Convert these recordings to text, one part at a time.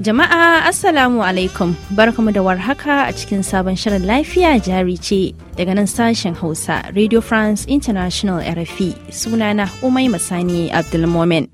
Jama'a Assalamu alaikum barkamu da warhaka a cikin sabon shirin lafiya jari ce daga nan sashen Hausa Radio France International RFI sunana Umai Masani Abdulmomen.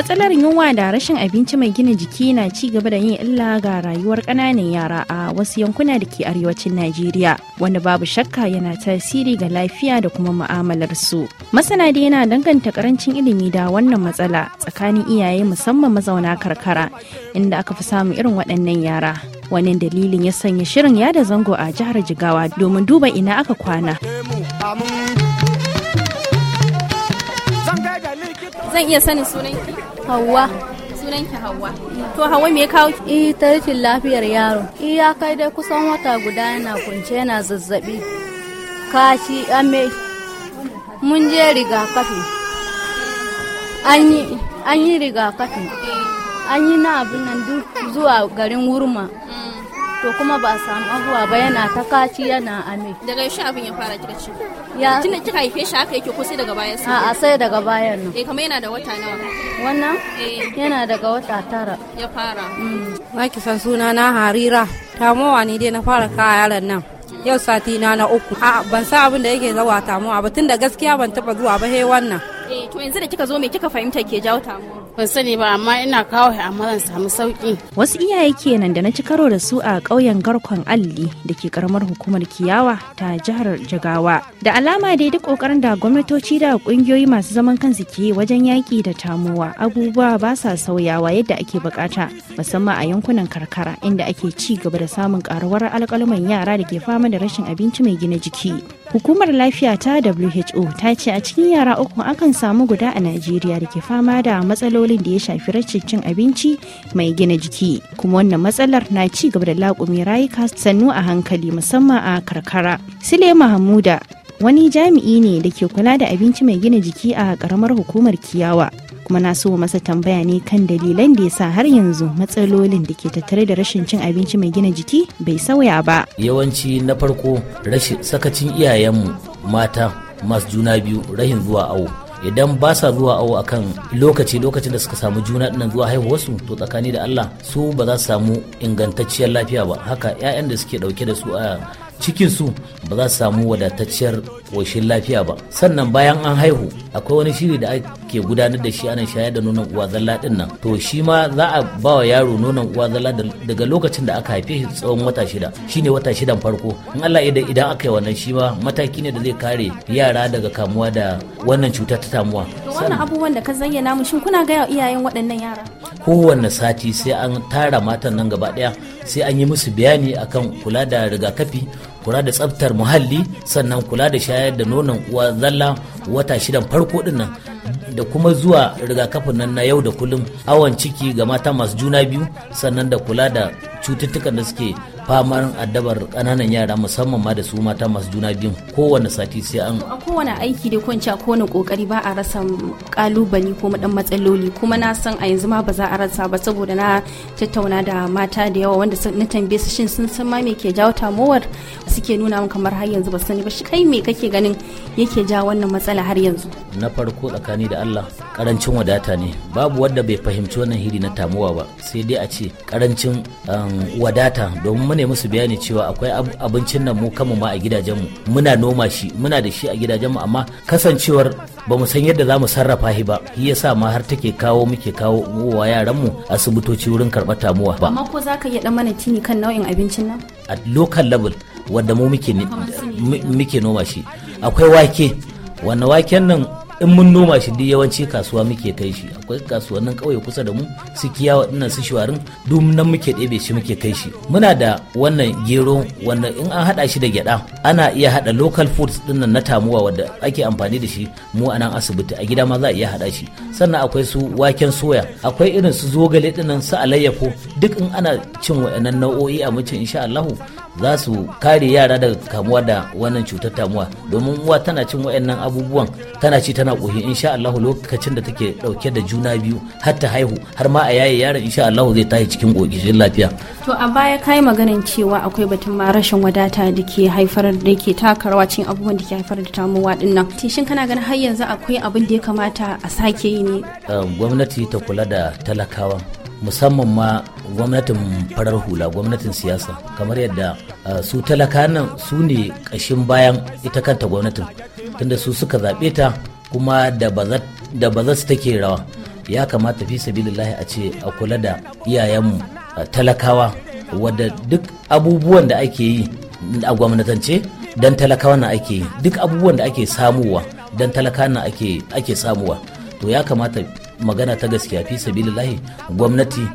matsalar yunwa da rashin abinci mai gina jiki na ci gaba da yin illa ga rayuwar ƙananan yara a wasu yankuna da ke arewacin najeriya wanda babu shakka yana tasiri ga lafiya da kuma mu'amalar su masana da yana danganta karancin ilimi da wannan matsala tsakanin iyaye musamman mazauna karkara inda aka fi samun irin waɗannan yara wani dalilin ya sanya shirin yada zango a jihar jigawa domin duba ina aka kwana zan iya sanin sunanki Hauwa. sunanki Hauwa. To Hauwa me kawo ki? Eh ta rashin lafiyar yaro. Eh ya kai dai kusan wata guda yana kunce yana zazzabi. Kashi amai. Mun je rigakafi. An yi an yi rigakafi. An yi na abin nan duk zuwa garin Wurma. to kuma ba samu abuwa ba yana ta kaci yana ame daga yaushe abin ya fara kika ci ya tunda kika haife shi haka yake ko sai daga bayan sai a sai daga bayan nan eh kamar yana da wata nawa wannan eh yana daga wata tara ya fara ba mm. ki san suna na harira tamowa ne dai na fara kaya yaran nan yau sati na na uku a ban sa abin da yake zawa tamowa ba tunda gaskiya ban taba zuwa ba he wannan eh to yanzu da kika zo me kika fahimta ke jawo tamowa? ban sani ba amma ina kawo shi amma zan samu sauki wasu iyaye kenan da na ci karo da su a ƙauyen garkon alli da ke karamar hukumar kiyawa ta jihar jagawa da alama dai duk ƙoƙarin da gwamnatoci da ƙungiyoyi masu zaman kansu ke wajen yaƙi da tamowa abubuwa ba sa sauyawa yadda ake buƙata musamman a yankunan karkara inda ake ci gaba da samun karuwar alƙaluman yara da ke fama da rashin abinci mai gina jiki Hukumar lafiya ta WHO ta ce a cikin yara uku akan samu guda a Najeriya da ke fama da matsalolin da ya shafi rashin cin abinci mai gina jiki. Kuma wannan matsalar na ci gaba da laƙumi rayuka sannu a hankali musamman a karkara. Sule Mahamuda wani jami'i ne da ke kula da abinci mai gina jiki a ƙaramar hukumar Kiyawa. kuma na so masa tambaya ne kan dalilan da ya sa har yanzu matsalolin da ke tattare da rashin cin abinci mai gina jiki bai sauya ba yawanci na farko rashin sakacin iyayenmu mata masu juna biyu rahin zuwa awo idan ba sa zuwa awo akan lokaci lokacin da suka samu juna dinnan zuwa haihuwarsu to tsakani da Allah su ba za su samu ingantacciyar lafiya ba haka 'ya'yan da suke dauke da su a cikin su ba za su samu wadatacciyar ƙoshin lafiya ba sannan bayan an haihu akwai wani shiri da ake gudanar da shi ana shayar da nonon uwa zalla din nan to shi ma za a ba wa yaro nonon uwa zalla daga lokacin da aka haife shi tsawon wata shida shine wata shidan farko in Allah idan idan aka yi wannan shi ma mataki ne da zai kare yara daga kamuwa da wannan cuta ta tamuwa wannan abubuwan da ka zayyana mu shin kuna ga iyayen waɗannan yara kowanne sati sai an tara matan nan gaba ɗaya sai an yi musu bayani akan kula da rigakafi kula da tsaftar muhalli sannan kula da shayar da nonon uwa zalla wata shidan farko dinnan da kuma zuwa rigakafin nan na yau da kullum awon ciki ga mata masu juna biyu sannan da kula da cututtukan da suke famarin addabar kananan yara musamman ma da su mata masu juna biyun kowane sati sai an a kowane aiki da ko a kowane kokari ba a rasa kalubali ko dan matsaloli kuma na san a yanzu ma ba za a rasa ba saboda na tattauna da mata da yawa wanda na tambaye su shin sun san ma me ke jawo tamowar suke nuna min kamar har yanzu ba su sani ba shi kai me kake ganin yake ja wannan matsala har yanzu na farko tsakani da Allah karancin wadata ne babu wanda bai fahimci wannan hiri na tamowa ba sai dai a ce karancin um, wadata domin mu ne musu bayani cewa akwai abincin nan mu kanmu ma a gidajenmu muna noma shi muna da shi a gidajenmu amma kasancewar ba mu san yadda za mu sarrafa shi ba shi yasa ma har take kawo muke kawo wa yaranmu asibitoci wurin karɓar tamuwa ba amma ko za ka yi dan mana tini kan nau'in abincin nan a local level wanda mu muke noma shi akwai wake wannan waken nan in mun noma shi duk yawanci kasuwa muke kai shi akwai kasuwannin kauye kusa da mu su kiyawa dinnan su shiwarin duk nan muke ɗebe shi muke kai shi muna da wannan gero wanda in an haɗa shi da gyaɗa ana iya hada local foods din na tamuwa wadda ake amfani da shi mu a nan asibiti a gida ma za a iya hada shi sannan akwai su waken soya akwai irin su zogale dinnan su alayyafo duk in ana cin wayannan nau'o'i a mutum insha Allah za su kare yara daga kamuwa da wannan cutar tamuwa domin uwa tana cin wayannan abubuwan tana ci tana kohi insha Allah lokacin da take dauke da juna biyu har ta haihu har ma a yaye yaron insha Allah zai tashi cikin kokishin lafiya to a baya kai maganin cewa akwai batun ma rashin wadata da ke haifar ƙasar da ke taka rawa cikin abubuwan da ke haifar da tamuwa din nan shin kana ganin har yanzu akwai abin da ya kamata a sake yi ne gwamnati ta kula da talakawa musamman ma gwamnatin farar hula gwamnatin siyasa kamar yadda eh, su talaka nan su ne ƙashin bayan ita kanta gwamnatin tunda su suka zaɓe ta kuma da ba za su take rawa ya kamata fi sabilillahi a ce a kula da iyayenmu eh, talakawa wadda duk abubuwan da ake yi a gwamnatance don talakawa na ake duk abubuwan da ake samuwa don talakana na ake, samuwa to ya kamata magana ta gaskiya fi sabilillahi gwamnati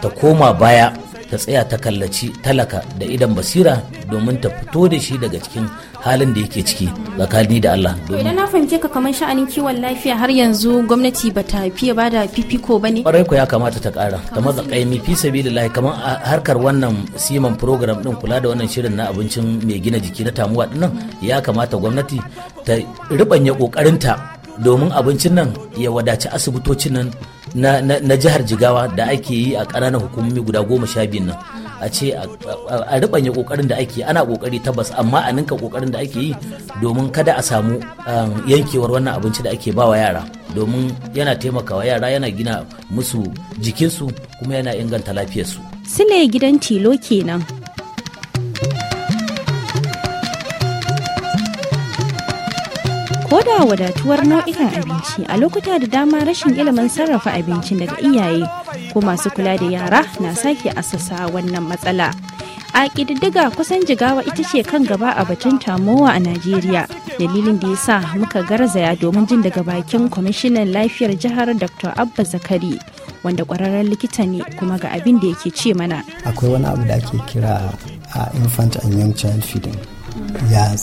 ta koma baya ta tsaya ta kallaci talaka da idan basira domin ta fito da shi daga cikin halin da yake ciki tsakani da Allah. Idan na fahimce ka kamar sha'anin kiwon lafiya har yanzu gwamnati ba ta fiye ba da fifiko ba ne? Ƙwarai ko ya kamata ta ƙara ta matsa ƙaimi fi sabilillahi kamar harkar wannan siman program ɗin kula da wannan shirin na abincin mai gina jiki na tamuwa ɗin ya kamata gwamnati ta riɓanya ƙoƙarinta domin abincin nan ya wadaci asibitocin nan na jihar jigawa da ake yi a ƙananan hukumomi guda goma sha biyu nan a ce a ribanya ƙoƙarin da ake ana ƙoƙari tabbas amma a ninka ƙoƙarin da ake yi domin kada a samu um, yankewar wannan abinci da ake ba wa yara domin yana taimakawa yara yana gina musu jikinsu kuma yana inganta lafiyarsu. Sile gidan tilo kenan Ko da wadatuwar nau'ikan abinci a lokuta da dama rashin ilimin sarrafa abincin daga iyaye ko masu kula da yara na sake asasa wannan matsala. a ƙididdiga kusan jigawa ita ce kan gaba a batun tamowa a najeriya dalilin da ya sa muka garzaya domin jin daga bakin kwamishinan lafiyar jihar dr abba zakari wanda ƙwararren likita ne kuma ga abin da yake ce mana akwai wani abu da ake kira a infant and young child feeding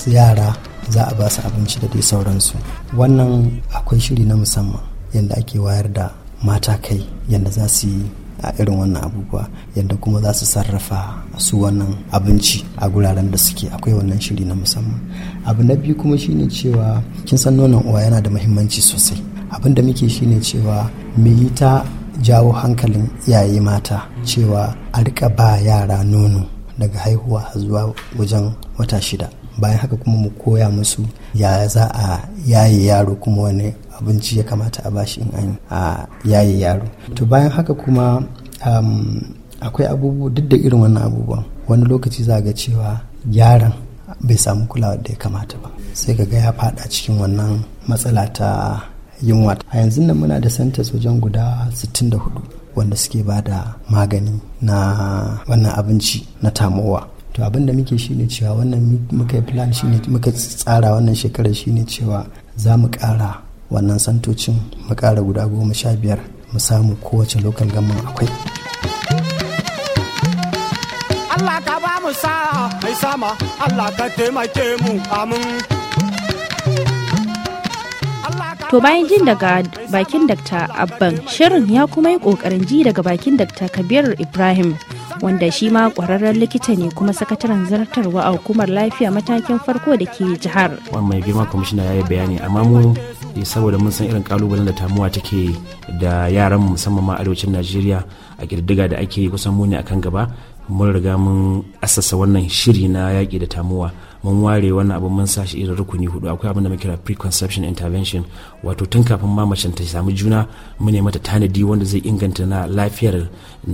yara za a ba su abinci da dai sauransu wannan akwai shiri na musamman yadda ake wayar da mata kai yadda za su yi a irin wannan abubuwa yadda kuma za su sarrafa su wannan abinci a guraren da suke akwai wannan shiri na musamman abu na biyu kuma shine cewa kin san nonon uwa yana da muhimmanci sosai abin da muke shine cewa me yi ta jawo hankalin iyaye mata cewa a rika ba yara nono daga haihuwa zuwa wajen wata shida bayan haka kuma mu koya musu ya za a yaye yaro kuma wani abinci ya kamata a bashi in an a yaye yaro to bayan haka kuma um, akwai abubuwa duk da irin wannan abubuwan wani lokaci za ga cewa yaron bai samu kulawa da ya kamata ba sai ga ya fada cikin wannan matsala ta yunwa a yanzu nan muna da santas wajen guda 64 wanda suke ba da magani na wannan abinci na tamowa to abin da muke shine cewa wannan muka yi plan shine muka tsara wannan shekarar shine cewa za mu kara wannan santocin mu kara guda goma sha biyar mu samu kowace lokal gaman akwai Allah ka ba mu sa'a mai sama Allah ka taimake mu amin To bayan jin daga bakin Dakta Abban, shirin ya kuma yi ƙoƙarin ji daga bakin Dakta Kabir Ibrahim wanda shi ma kwararren likita ne kuma sakataren zartarwa a hukumar lafiya matakin farko da ke jihar. mai girma kwamishina ya yi bayani amma mu saboda mun san irin kalubalen da tamuwa take da yaran musamman ma arewacin najeriya a kirdiga da ake kusan muni akan gaba mun riga mun assasa wannan shiri na yaƙi da tamuwa mun ware wannan abu mun sashi irin rukuni hudu akwai abin da muke kira preconception intervention wato tun kafin ma macen ta samu juna mu ne mata tanadi wanda zai inganta na lafiyar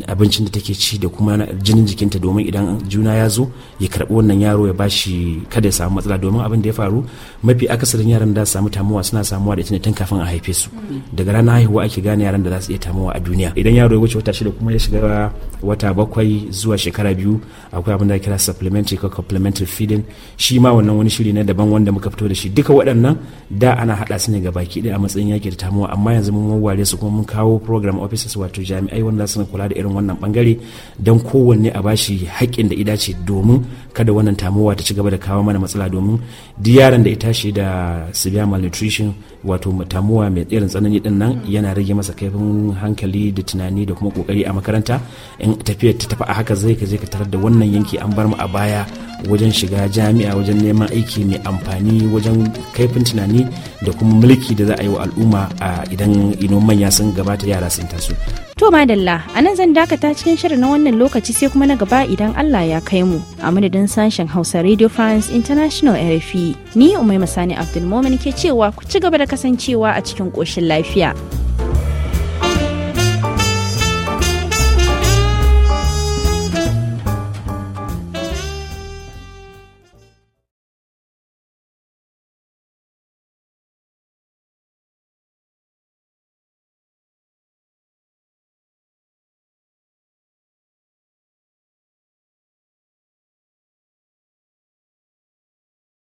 abincin da take ci da kuma jinin jikinta domin idan juna ya zo ya karbi wannan yaro ya bashi kada ya samu matsala domin abin da ya faru mafi akasarin yaran da samu tamuwa suna samuwa da ita ne tun kafin a haife su daga ranar haihuwa ake gane yaran da za su iya tamuwa a duniya idan yaro ya wuce wata shida kuma ya shiga wata bakwai zuwa shekara biyu akwai abin da kira supplementary ko complementary feeding shi ma wannan wani shiri na daban wanda muka fito da shi duka waɗannan da ana haɗa su ne ga baki ɗaya a matsayin yaki da tamuwa amma yanzu mun ware su kuma mun kawo program offices wato jami'ai wanda su kula da irin wannan bangare don kowanne a bashi haƙƙin da ce domin kada wannan tamuwa ta ci gaba da kawo mana matsala domin diyaran yaran da ita shi da severe malnutrition wato tamuwa mai irin tsanani din nan yana rage masa kaifin hankali da tunani da kuma kokari a makaranta in tafiyar ta tafi a haka zai ka je ka tarar da wannan yanki an bar mu a baya wajen shiga jami'a kimiyya wajen neman aiki mai amfani wajen kaifin tunani da kuma mulki da za a yi wa al'umma a idan ino manya sun gabata yara sun taso. To madalla a nan zan dakata cikin shirin na wannan lokaci sai kuma na gaba idan Allah ya kai mu a madadin sashen Hausa Radio France International RFI ni Umaima Sani Abdulmomin ke cewa ku ci gaba da kasancewa a cikin koshin lafiya.